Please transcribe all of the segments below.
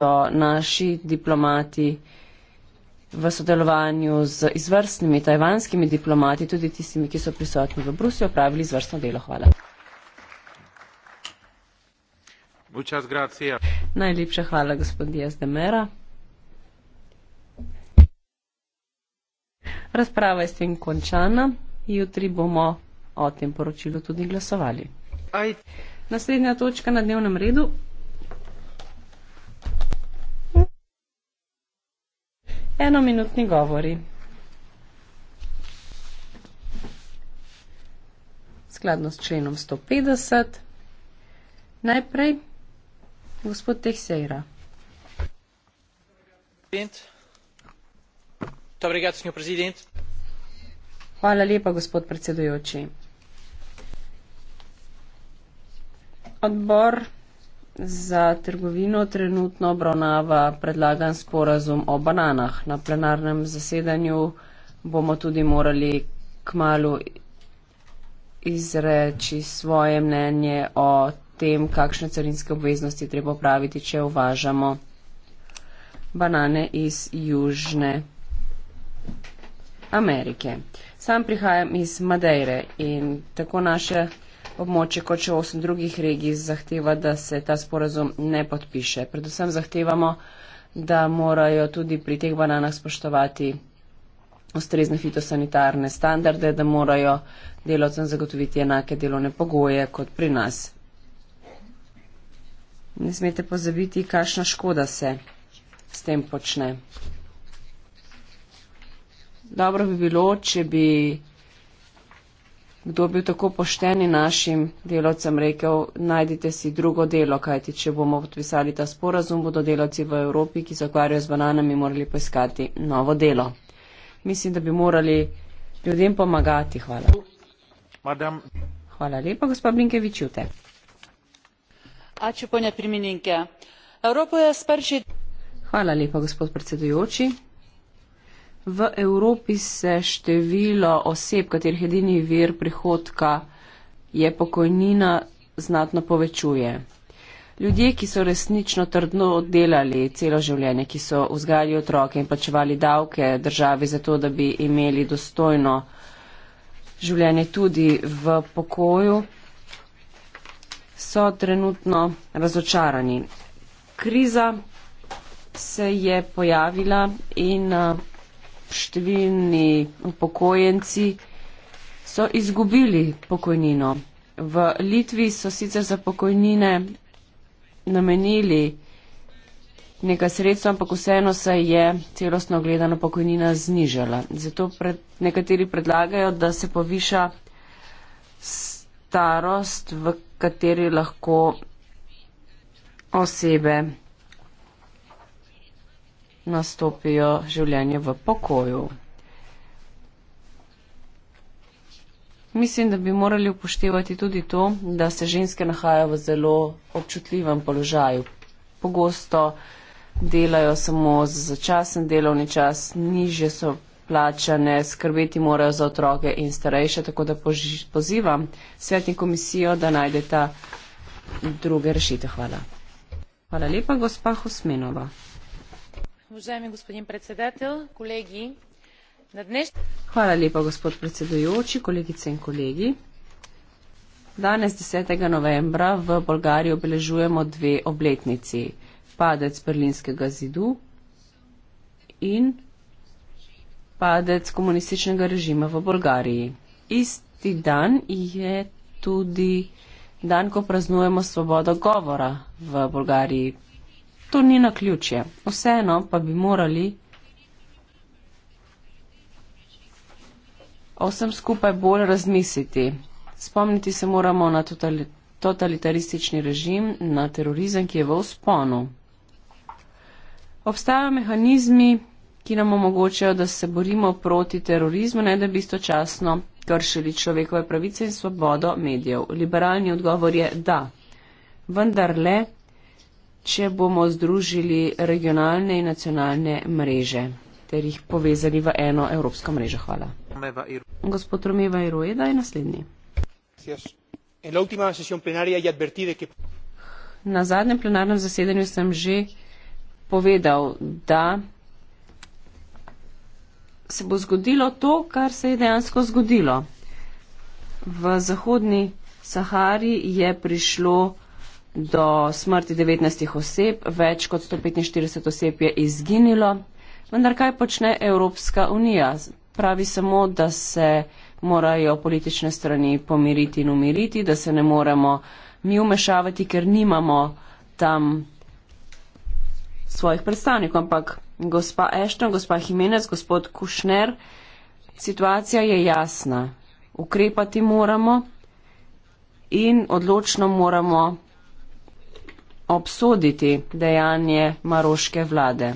so naši diplomati v sodelovanju z izvrstnimi tajvanskimi diplomati, tudi tistimi, ki so prisotni v Bruslju, opravili izvrstno delo. Hvala. Najlepša hvala, gospod Diaz de Mera. Razprava je s tem končana. Jutri bomo o tem poročilu tudi glasovali. Aj. Naslednja točka na dnevnem redu. enominutni govori. Skladno s členom 150, najprej gospod Teixeira. Hvala lepa, gospod predsedujoči. Odbor za trgovino trenutno obravnava predlagan sporazum o bananah. Na plenarnem zasedanju bomo tudi morali kmalo izreči svoje mnenje o tem, kakšne carinske obveznosti treba praviti, če uvažamo banane iz Južne Amerike. Sam prihajam iz Madeire in tako naše območje kot še osem drugih regij zahteva, da se ta sporazum ne podpiše. Predvsem zahtevamo, da morajo tudi pri teh bananah spoštovati ustrezne fitosanitarne standarde, da morajo delovcem zagotoviti enake delovne pogoje kot pri nas. Ne smete pozabiti, kakšna škoda se s tem počne. Dobro bi bilo, če bi kdo bi tako pošteni našim delavcem rekel, najdite si drugo delo, kajti če bomo podpisali ta sporazum, bodo delavci v Evropi, ki se ukvarjajo z bananami, morali poiskati novo delo. Mislim, da bi morali ljudem pomagati. Hvala. Madam. Hvala lepa, gospod Blinkevič, jute. Hvala lepa, gospod predsedujoči. V Evropi se število oseb, katerih edini vir prihodka je pokojnina, znatno povečuje. Ljudje, ki so resnično trdno oddelali celo življenje, ki so vzgajali otroke in plačevali davke državi za to, da bi imeli dostojno življenje tudi v pokoju, so trenutno razočarani. Kriza se je pojavila in eh, številni upokojenci so izgubili pokojnino. V Litvi so sicer za pokojnine namenili nekaj sredstva, ampak vseeno se je celostno gledano pokojnina znižala. Zato pred, nekateri predlagajo, da se poviša starost, v kateri lahko osebe nastopijo življenje v pokoju. Mislim, da bi morali upoštevati tudi to, da se ženske nahajajo v zelo občutljivem položaju. Pogosto delajo samo za začasen delovni čas, niže so plačane, skrbeti morajo za otroke in starejše, tako da pozivam svetni komisijo, da najdeta druge rešite. Hvala. Hvala lepa, gospa Husmenova. Hvala lepa, gospod predsedujoči, kolegice in kolegi. Danes, 10. novembra, v Bolgariji obeležujemo dve obletnici. Padec berlinskega zidu in padec komunističnega režima v Bolgariji. Isti dan je tudi dan, ko praznujemo svobodo govora v Bolgariji. To ni na ključje, vseeno pa bi morali. O vsem skupaj bolj razmisliti. Spomniti se moramo na totalitaristični režim, na terorizem, ki je v usponu. Obstajajo mehanizmi, ki nam omogočajo, da se borimo proti terorizmu, ne da bi istočasno kršili človekove pravice in svobodo medijev. Liberalni odgovor je da. Vendar le če bomo združili regionalne in nacionalne mreže ter jih povezali v eno evropsko mrežo. Hvala. Gospod Romeva Iroeda je naslednji. Na zadnjem plenarnem zasedanju sem že povedal, da se bo zgodilo to, kar se je dejansko zgodilo. V Zahodni Sahari je prišlo do smrti 19 oseb, več kot 145 oseb je izginilo. Vendar kaj počne Evropska unija? Pravi samo, da se morajo politične strani pomiriti in umiriti, da se ne moremo mi umešavati, ker nimamo tam svojih predstavnikov. Ampak gospa Ešton, gospa Jimenez, gospod Kušner, situacija je jasna. Ukrepati moramo in odločno moramo obsoditi dejanje maroške vlade.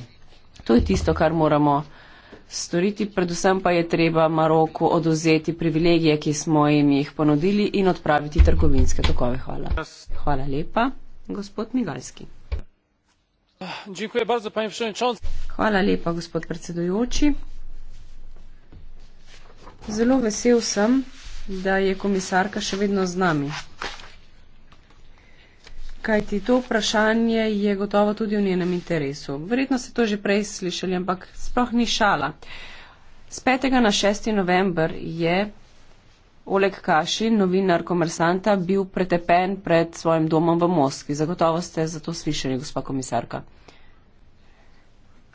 To je tisto, kar moramo storiti, predvsem pa je treba Maroku odozeti privilegije, ki smo jim jih ponudili in odpraviti trgovinske tokove. Hvala. Hvala lepa, gospod Migalski. Hvala lepa, gospod predsedujoči. Zelo vesel sem, da je komisarka še vedno z nami. Kaj ti to vprašanje je gotovo tudi v njenem interesu. Verjetno ste to že prej slišali, ampak sploh ni šala. Z 5. na 6. november je Oleg Kašin, novinar komersanta, bil pretepen pred svojim domom v Moskvi. Zagotovo ste za to slišali, gospa komisarka.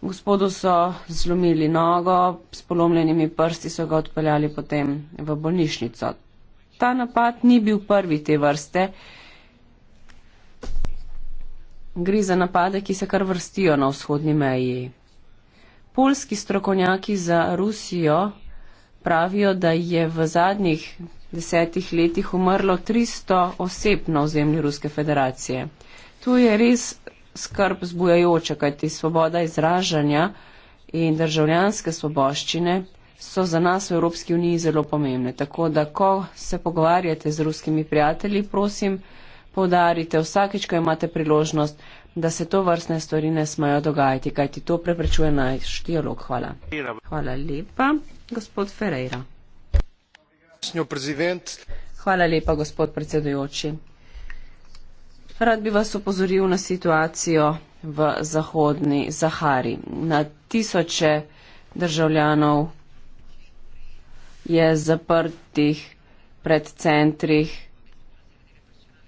Gospodu so zlomili nogo, s polomljenimi prsti so ga odpeljali potem v bolnišnico. Ta napad ni bil prvi te vrste gre za napade, ki se kar vrstijo na vzhodni meji. Polski strokovnjaki za Rusijo pravijo, da je v zadnjih desetih letih umrlo 300 oseb na ozemlju Ruske federacije. Tu je res skrb zbujajoče, kajti svoboda izražanja in državljanske svoboščine so za nas v Evropski uniji zelo pomembne. Tako da, ko se pogovarjate z ruskimi prijatelji, prosim, poudarite vsakeč, ko imate priložnost, da se to vrstne stvari ne smajo dogajati, kajti to preprečuje naš dialog. Hvala. Hvala lepa, gospod Ferreira. Hvala lepa, gospod predsedujoči. Rad bi vas opozoril na situacijo v zahodni Zahari. Na tisoče državljanov je zaprtih pred centrih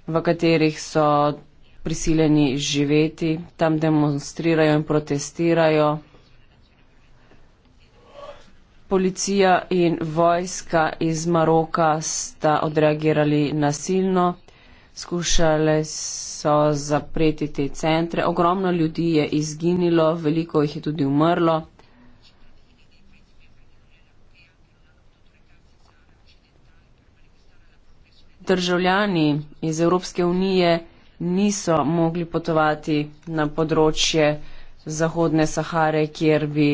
v katerih so prisiljeni živeti, tam demonstrirajo in protestirajo. Policija in vojska iz Maroka sta odreagirali nasilno, skušali so zapreti te centre. Ogromno ljudi je izginilo, veliko jih je tudi umrlo. državljani iz Evropske unije niso mogli potovati na področje Zahodne Sahare, kjer bi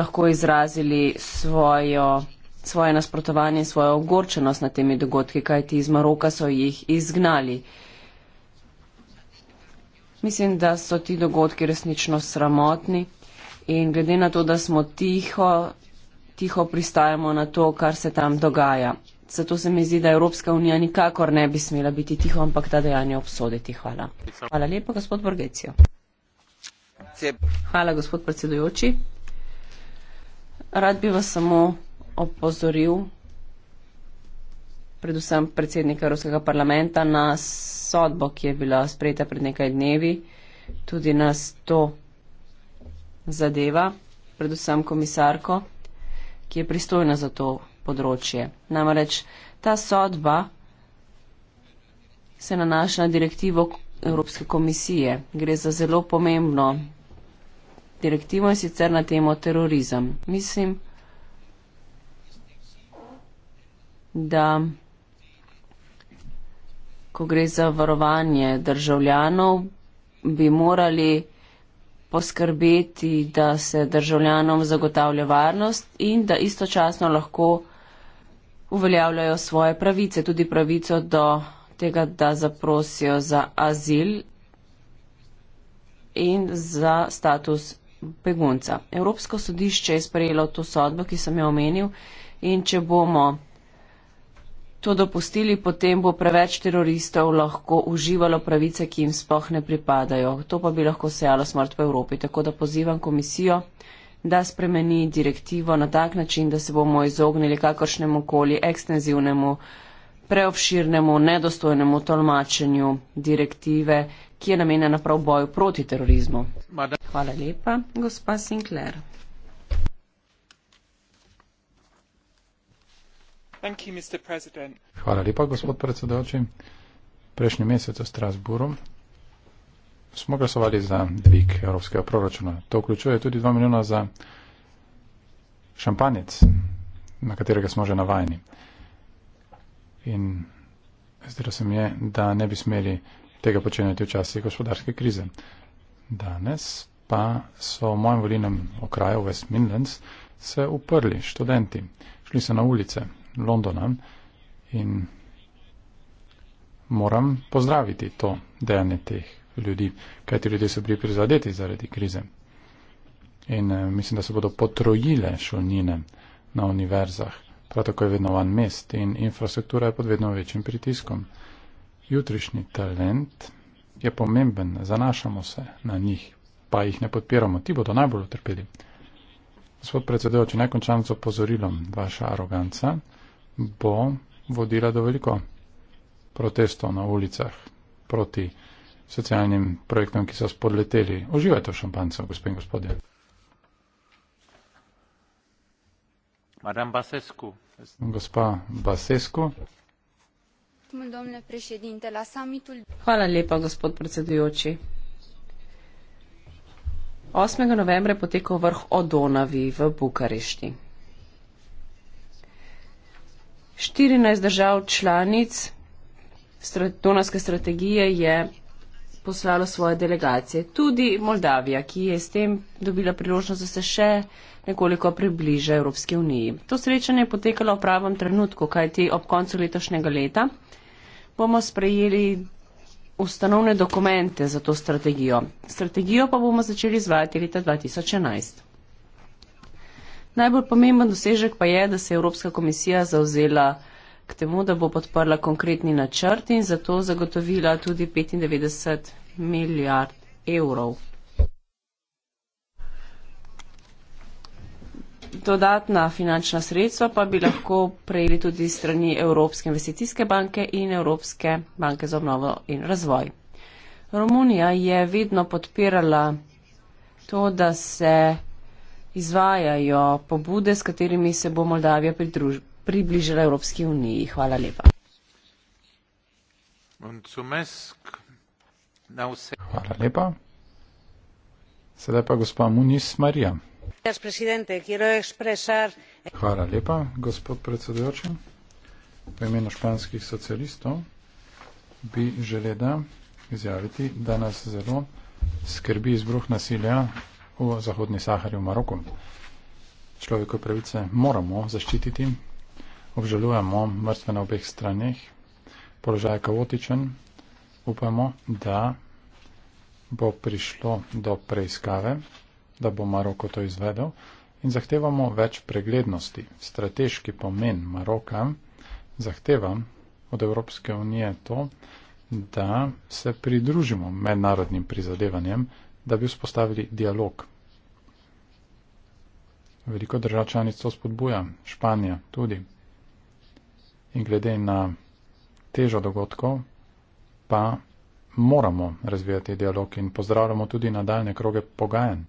lahko izrazili svojo, svoje nasprotovanje in svojo ogorčenost nad temi dogodki, kajti iz Maroka so jih izgnali. Mislim, da so ti dogodki resnično sramotni in glede na to, da smo tiho, tiho pristajamo na to, kar se tam dogaja. Zato se mi zdi, da Evropska unija nikakor ne bi smela biti tiho, ampak ta dejanja obsoditi. Hvala. Hvala lepa, gospod Borgecijo. Hvala, gospod predsedujoči. Rad bi vas samo opozoril, predvsem predsednika Evropskega parlamenta, na sodbo, ki je bila sprejeta pred nekaj dnevi. Tudi nas to zadeva, predvsem komisarko, ki je pristojna za to področje. Namreč ta sodba se nanaša na direktivo Evropske komisije. Gre za zelo pomembno direktivo in sicer na temo terorizem. Mislim, da ko gre za varovanje državljanov, bi morali poskrbeti, da se državljanom zagotavlja varnost in da istočasno lahko uveljavljajo svoje pravice, tudi pravico do tega, da zaprosijo za azil in za status begunca. Evropsko sodišče je sprejelo to sodbo, ki sem jo omenil in če bomo to dopustili, potem bo preveč teroristov lahko uživalo pravice, ki jim spoh ne pripadajo. To pa bi lahko sejalo smrt v Evropi. Tako da pozivam komisijo da spremeni direktivo na tak način, da se bomo izognili kakršnemu koli ekstenzivnemu, preobširnemu, nedostojnemu tolmačenju direktive, ki je namenjena prav boju proti terorizmu. Hvala lepa, gospa Sinclair. Hvala lepa, gospod predsedovči. Prejšnji mesec v Strasburu smo glasovali za dvig evropskega proračuna. To vključuje tudi 2 milijona za šampanjec, na katerega smo že navajeni. In zdelo se mi je, da ne bi smeli tega počenjati v časi gospodarske krize. Danes pa so v mojem volinem okraju West Midlands se uprli študenti. Šli so na ulice Londona in moram pozdraviti to dejanje teh ljudi, kajti ljudje so bili prizadeti zaradi krize. In eh, mislim, da se bodo potrojile šolnine na univerzah, prav tako je vedno van mest in infrastruktura je pod vedno večjim pritiskom. Jutrišnji talent je pomemben, zanašamo se na njih, pa jih ne podpiramo, ti bodo najbolj utrpeli. Gospod predsedujoči, naj končam z opozorilom. Vaša aroganca bo vodila do veliko protestov na ulicah proti socialnim projektom, ki so spodleteli. Uživajte v šampancu, gospod in gospodje. Gospa Basescu. Hvala lepa, gospod predsedujoči. 8. novembra je potekal vrh o Donavi v Bukarešti. 14 držav članic strat, Donavske strategije je poslalo svoje delegacije. Tudi Moldavija, ki je s tem dobila priložnost, da se še nekoliko približa Evropski uniji. To srečanje je potekalo v pravem trenutku, kajti ob koncu letošnjega leta bomo sprejeli ustanovne dokumente za to strategijo. Strategijo pa bomo začeli izvajati leta 2011. Najbolj pomemben dosežek pa je, da se je Evropska komisija zauzela k temu, da bo podprla konkretni načrt in zato zagotovila tudi 95 milijard evrov. Dodatna finančna sredstva pa bi lahko prejeli tudi strani Evropske investicijske banke in Evropske banke za obnovo in razvoj. Romunija je vedno podpirala to, da se izvajajo pobude, s katerimi se bo Moldavija pridružila približila Evropski uniji. Hvala lepa. Hvala lepa. Sedaj pa gospa Muniz Marija. Hvala lepa, gospod predsedujoči. V imenu španskih socialistov bi želela izjaviti, da nas zelo skrbi izbruh nasilja v Zahodni Sahari v Maroku. Človekove pravice moramo zaščititi, obžalujemo mrtve na obeh straneh, položaj je kaotičen, upamo, da bo prišlo do preiskave, da bo Maroko to izvedel in zahtevamo več preglednosti. Strateški pomen Maroka zahteva od Evropske unije to, da se pridružimo mednarodnim prizadevanjem, da bi vzpostavili dialog. Veliko držav članic to spodbuja, Španija tudi in glede na težo dogodkov, pa moramo razvijati dialog in pozdravljamo tudi nadaljne kroge pogajen.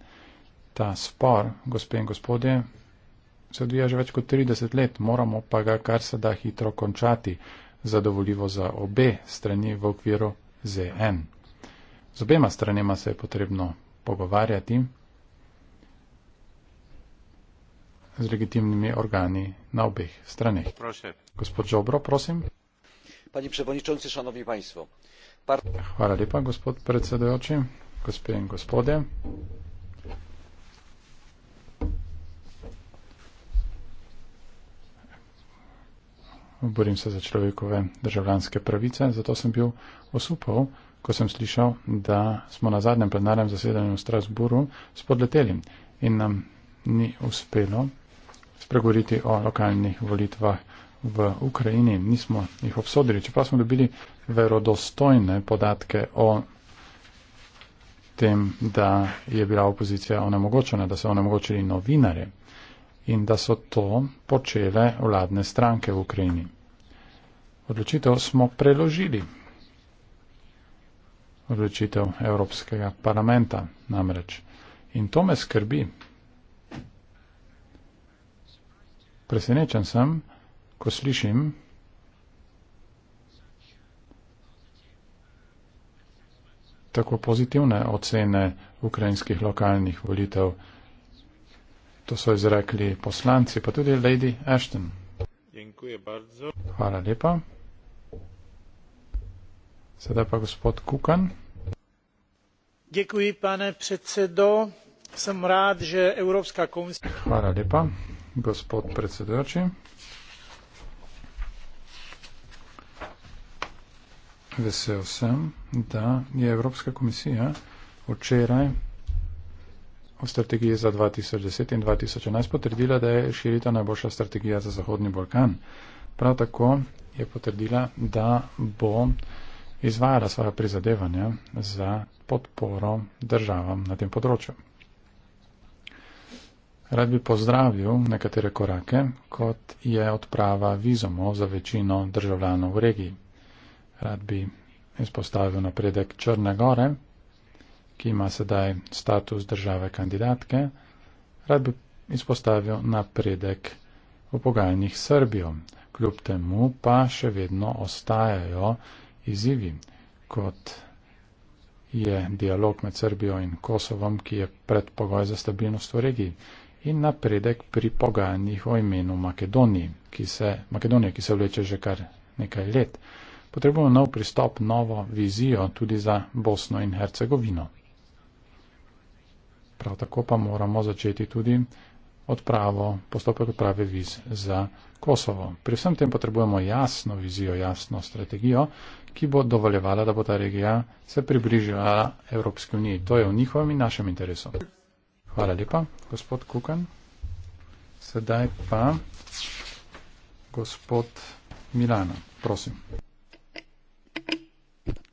Ta spor, gospe in gospodje, se odvija že več kot 30 let, moramo pa ga kar se da hitro končati, zadovoljivo za obe strani v okviru ZN. Z obema stranema se je potrebno pogovarjati. z legitimnimi organi na obeh stranih. Proszę. Gospod Žobro, prosim. Pani przewodniczący, szanowni państwo. Par... Hvala lepa, gospod predsedujoči, gospe in gospode. Borim se za človekove državljanske pravice, zato sem bil osupal, ko sem slišal, da smo na zadnjem plenarnem zasedanju v Strasburu spodleteli in nam ni uspelo spregovoriti o lokalnih volitvah v Ukrajini. Nismo jih obsodili, čeprav smo dobili verodostojne podatke o tem, da je bila opozicija onemogočena, da so onemogočili novinare in da so to počele vladne stranke v Ukrajini. Odločitev smo preložili. Odločitev Evropskega parlamenta namreč. In to me skrbi, Presenečen sem, ko slišim, tako pozitivne ocene ukrajinskih lokalnih volitev. To so izrekli poslanci, pa tudi Lady Ashton. Hvala lepa. Sedaj pa gospod Kukan. Děkuji, pane predsedo. Sem rád, že Evropská komisija. Hvala lepa gospod predsedujoči. Vesel sem, da je Evropska komisija včeraj v strategiji za 2010 in 2011 potrdila, da je širita najboljša strategija za Zahodni Balkan. Prav tako je potrdila, da bo izvajala svoje prizadevanja za podporo državam na tem področju. Rad bi pozdravil nekatere korake, kot je odprava vizomov za večino državljanov v regiji. Rad bi izpostavil napredek Črne Gore, ki ima sedaj status države kandidatke. Rad bi izpostavil napredek v pogajanjih Srbijo. Kljub temu pa še vedno ostajajo izzivi, kot je dialog med Srbijo in Kosovom, ki je predpogoj za stabilnost v regiji in napredek pri pogajanjih o imenu Makedonije, ki se, Makedonija, ki se vleče že kar nekaj let. Potrebujemo nov pristop, novo vizijo tudi za Bosno in Hercegovino. Prav tako pa moramo začeti tudi odpravo, postopek odprave viz za Kosovo. Pri vsem tem potrebujemo jasno vizijo, jasno strategijo, ki bo dovoljevala, da bo ta regija se približila Evropski uniji. To je v njihovem in našem interesu. Hvala lepa, gospod Kukan. Sedaj pa gospod Milano, prosim.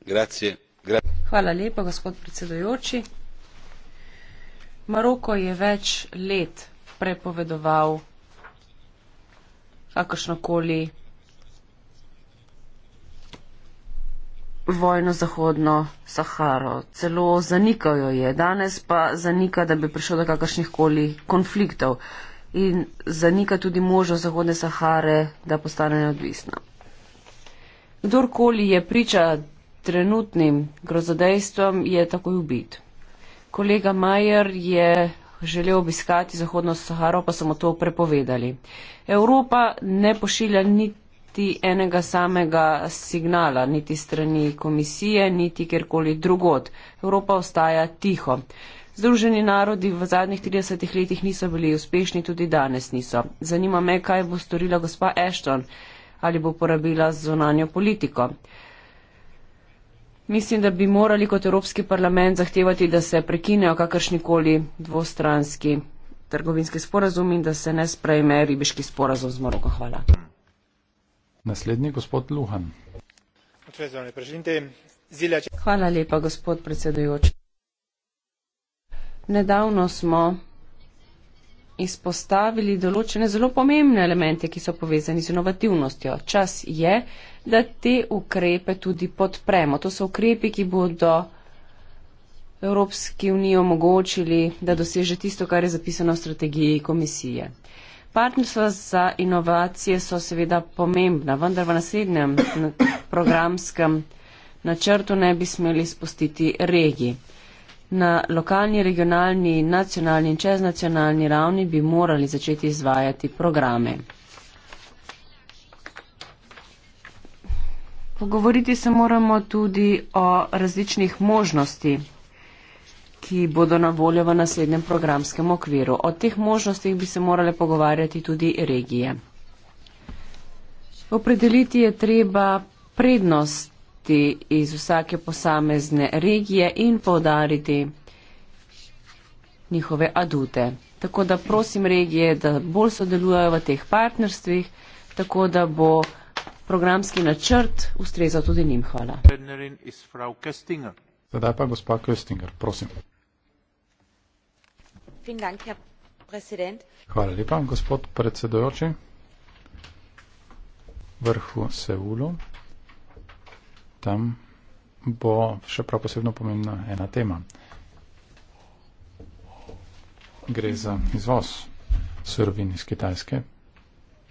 Grazie. Grazie. Hvala lepa, gospod predsedojoči. Maroko je več let prepovedoval kakršnokoli vojno Zahodno Saharo. Celo zanikajo je, danes pa zanika, da bi prišlo do kakršnih koli konfliktov in zanika tudi možnost Zahodne Sahare, da postane neodvisna. Kdorkoli je priča trenutnim grozodejstvom, je takoj ubit. Kolega Majer je želel obiskati Zahodno Saharo, pa so mu to prepovedali. Evropa ne pošilja niti niti enega samega signala, niti strani komisije, niti kjerkoli drugot. Evropa ostaja tiho. Združeni narodi v zadnjih 30 letih niso bili uspešni, tudi danes niso. Zanima me, kaj bo storila gospa Ashton, ali bo porabila zunanjo politiko. Mislim, da bi morali kot Evropski parlament zahtevati, da se prekinejo kakršnikoli dvostranski trgovinski sporazum in da se ne sprejme ribiški sporazum z Moroko. Hvala. Hvala lepa, gospod predsedujoči. Nedavno smo izpostavili določene zelo pomembne elemente, ki so povezani z inovativnostjo. Čas je, da te ukrepe tudi podpremo. To so ukrepi, ki bodo Evropski uniji omogočili, da doseže tisto, kar je zapisano v strategiji komisije. Partnerstva za inovacije so seveda pomembna, vendar v naslednjem programskem načrtu ne bi smeli spustiti regij. Na lokalni, regionalni, nacionalni in čeznacionalni ravni bi morali začeti izvajati programe. Pogovoriti se moramo tudi o različnih možnostih ki bodo na voljo v naslednjem programskem okviru. O teh možnostih bi se morale pogovarjati tudi regije. Opredeliti je treba prednosti iz vsake posamezne regije in povdariti njihove adute. Tako da prosim regije, da bolj sodelujejo v teh partnerstvih, tako da bo programski načrt ustrezal tudi njim. Hvala. Zdaj pa gospa Köstinger, prosim. Hvala lepa, gospod predsedujoči. Vrhu Seulu. Tam bo še prav posebno pomembna ena tema. Gre za izvoz surovin iz Kitajske.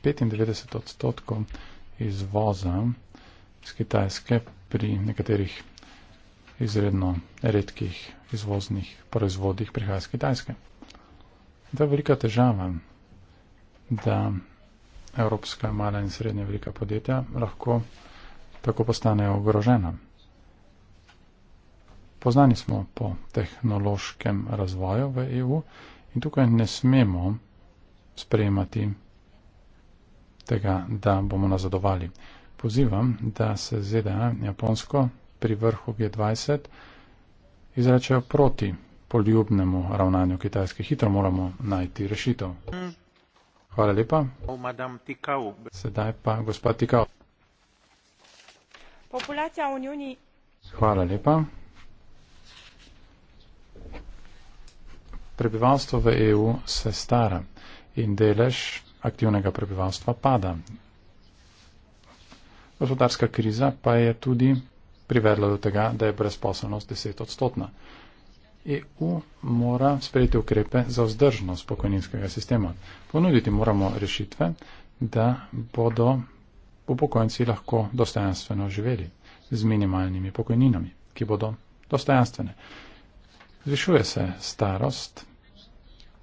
95 odstotkov izvoza iz Kitajske pri nekaterih izredno redkih izvoznih proizvodih prihaja iz Kitajske. To je velika težava, da evropska mala in srednja velika podjetja lahko tako postanejo ogrožena. Poznani smo po tehnološkem razvoju v EU in tukaj ne smemo sprejemati tega, da bomo nazadovali. Pozivam, da se ZDA, Japonsko, pri vrhu G20 izrečejo proti poljubnemu ravnanju Kitajske. Hitro moramo najti rešitev. Hvala lepa. Oh, Sedaj pa gospod Tikao. Populacija v Uniji. Hvala lepa. Prebivalstvo v EU se stara in delež aktivnega prebivalstva pada. Gospodarska kriza pa je tudi privedla do tega, da je brezposobnost deset odstotna. EU mora sprejeti ukrepe za vzdržnost pokojninskega sistema. Ponuditi moramo rešitve, da bodo upokojenci lahko dostojanstveno živeli z minimalnimi pokojninami, ki bodo dostojanstvene. Zvišuje se starost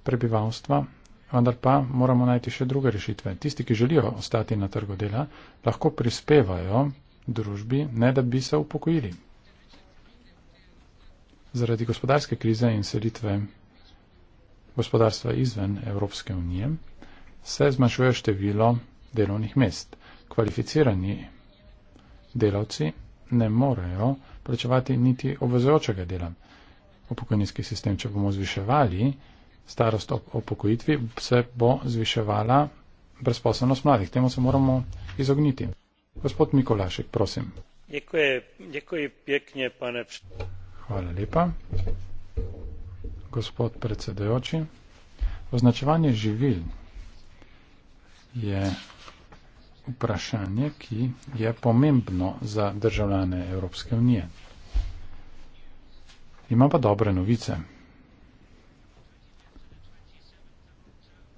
prebivalstva, vendar pa moramo najti še druge rešitve. Tisti, ki želijo ostati na trgu dela, lahko prispevajo družbi, ne da bi se upokojili zaradi gospodarske krize in selitve gospodarstva izven Evropske unije se zmanjšuje število delovnih mest. Kvalificirani delavci ne morejo plačevati niti obvezujočega dela. V pokojninski sistem, če bomo zviševali starost ob upokojitvi, se bo zviševala brezposobnost mladih. Temu se moramo izogniti. Gospod Mikolašek, prosim. Děkuji, děkuji pěkně, pane Hvala lepa. Gospod predsedojoči, označevanje živil je vprašanje, ki je pomembno za državljane Evropske unije. Ima pa dobre novice.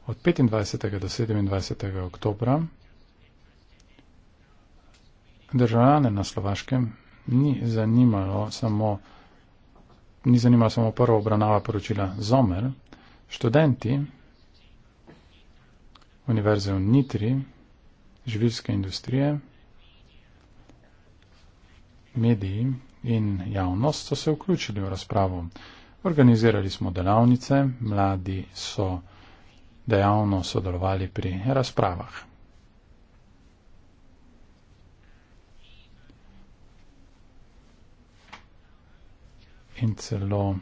Od 25. do 27. oktobra državljane na Slovaškem ni zanimalo samo ni zanimala samo prva obravnava poročila Zomer, študenti Univerze v Nitri, živilske industrije, mediji in javnost so se vključili v razpravo. Organizirali smo delavnice, mladi so dejavno sodelovali pri razpravah. in celo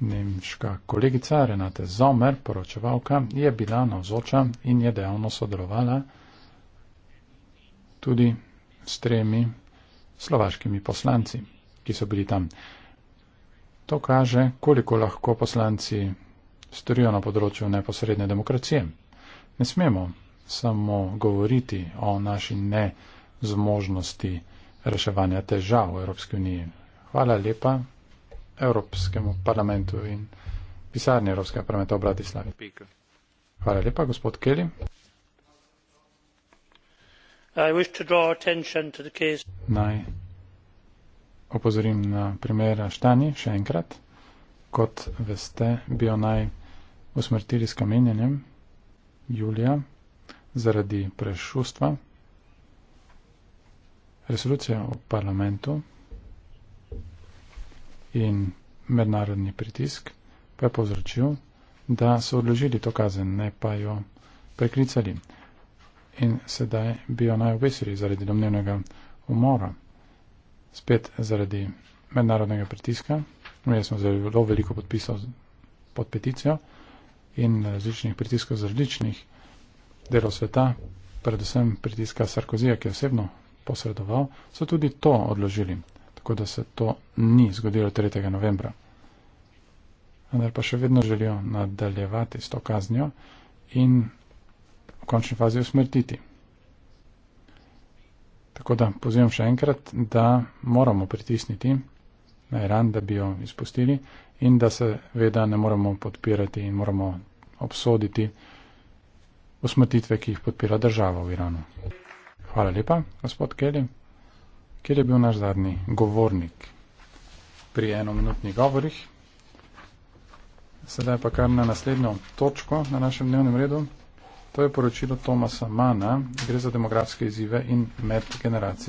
nemška kolegica Renate Zomer, poročevalka, je bila navzoča in je dejavno sodelovala tudi s tremi slovaškimi poslanci, ki so bili tam. To kaže, koliko lahko poslanci storijo na področju neposredne demokracije. Ne smemo samo govoriti o naši nezmožnosti reševanja težav v Evropski uniji. Hvala lepa Evropskemu parlamentu in pisarni Evropskega parlamenta v Bratislavi. Hvala lepa, gospod Kelly. Naj opozorim na primer Štani še enkrat. Kot veste, bi jo naj usmrtili s kamenjanjem Julija zaradi prešustva. Resolucija v parlamentu in mednarodni pritisk pa je povzročil, da so odložili to kazen, ne pa jo preklicali. In sedaj bi jo naj obesili zaradi domnevnega umora, spet zaradi mednarodnega pritiska. Mi smo zelo veliko podpisali pod peticijo in različnih pritiskov z različnih delov sveta, predvsem pritiska Sarkozija, ki je osebno posredoval, so tudi to odložili kot da se to ni zgodilo 3. novembra. Vendar pa še vedno želijo nadaljevati s to kaznjo in v končni fazi usmrtiti. Tako da pozivam še enkrat, da moramo pritisniti na Iran, da bi jo izpustili in da se veda ne moramo podpirati in moramo obsoditi usmrtitve, ki jih podpira država v Iranu. Hvala lepa, gospod Kelly kjer je bil naš zadnji govornik pri enominutnih govorih. Sedaj pa kar na naslednjo točko na našem dnevnem redu. To je poročilo Tomasa Mana, gre za demografske izzive in medgeneracije.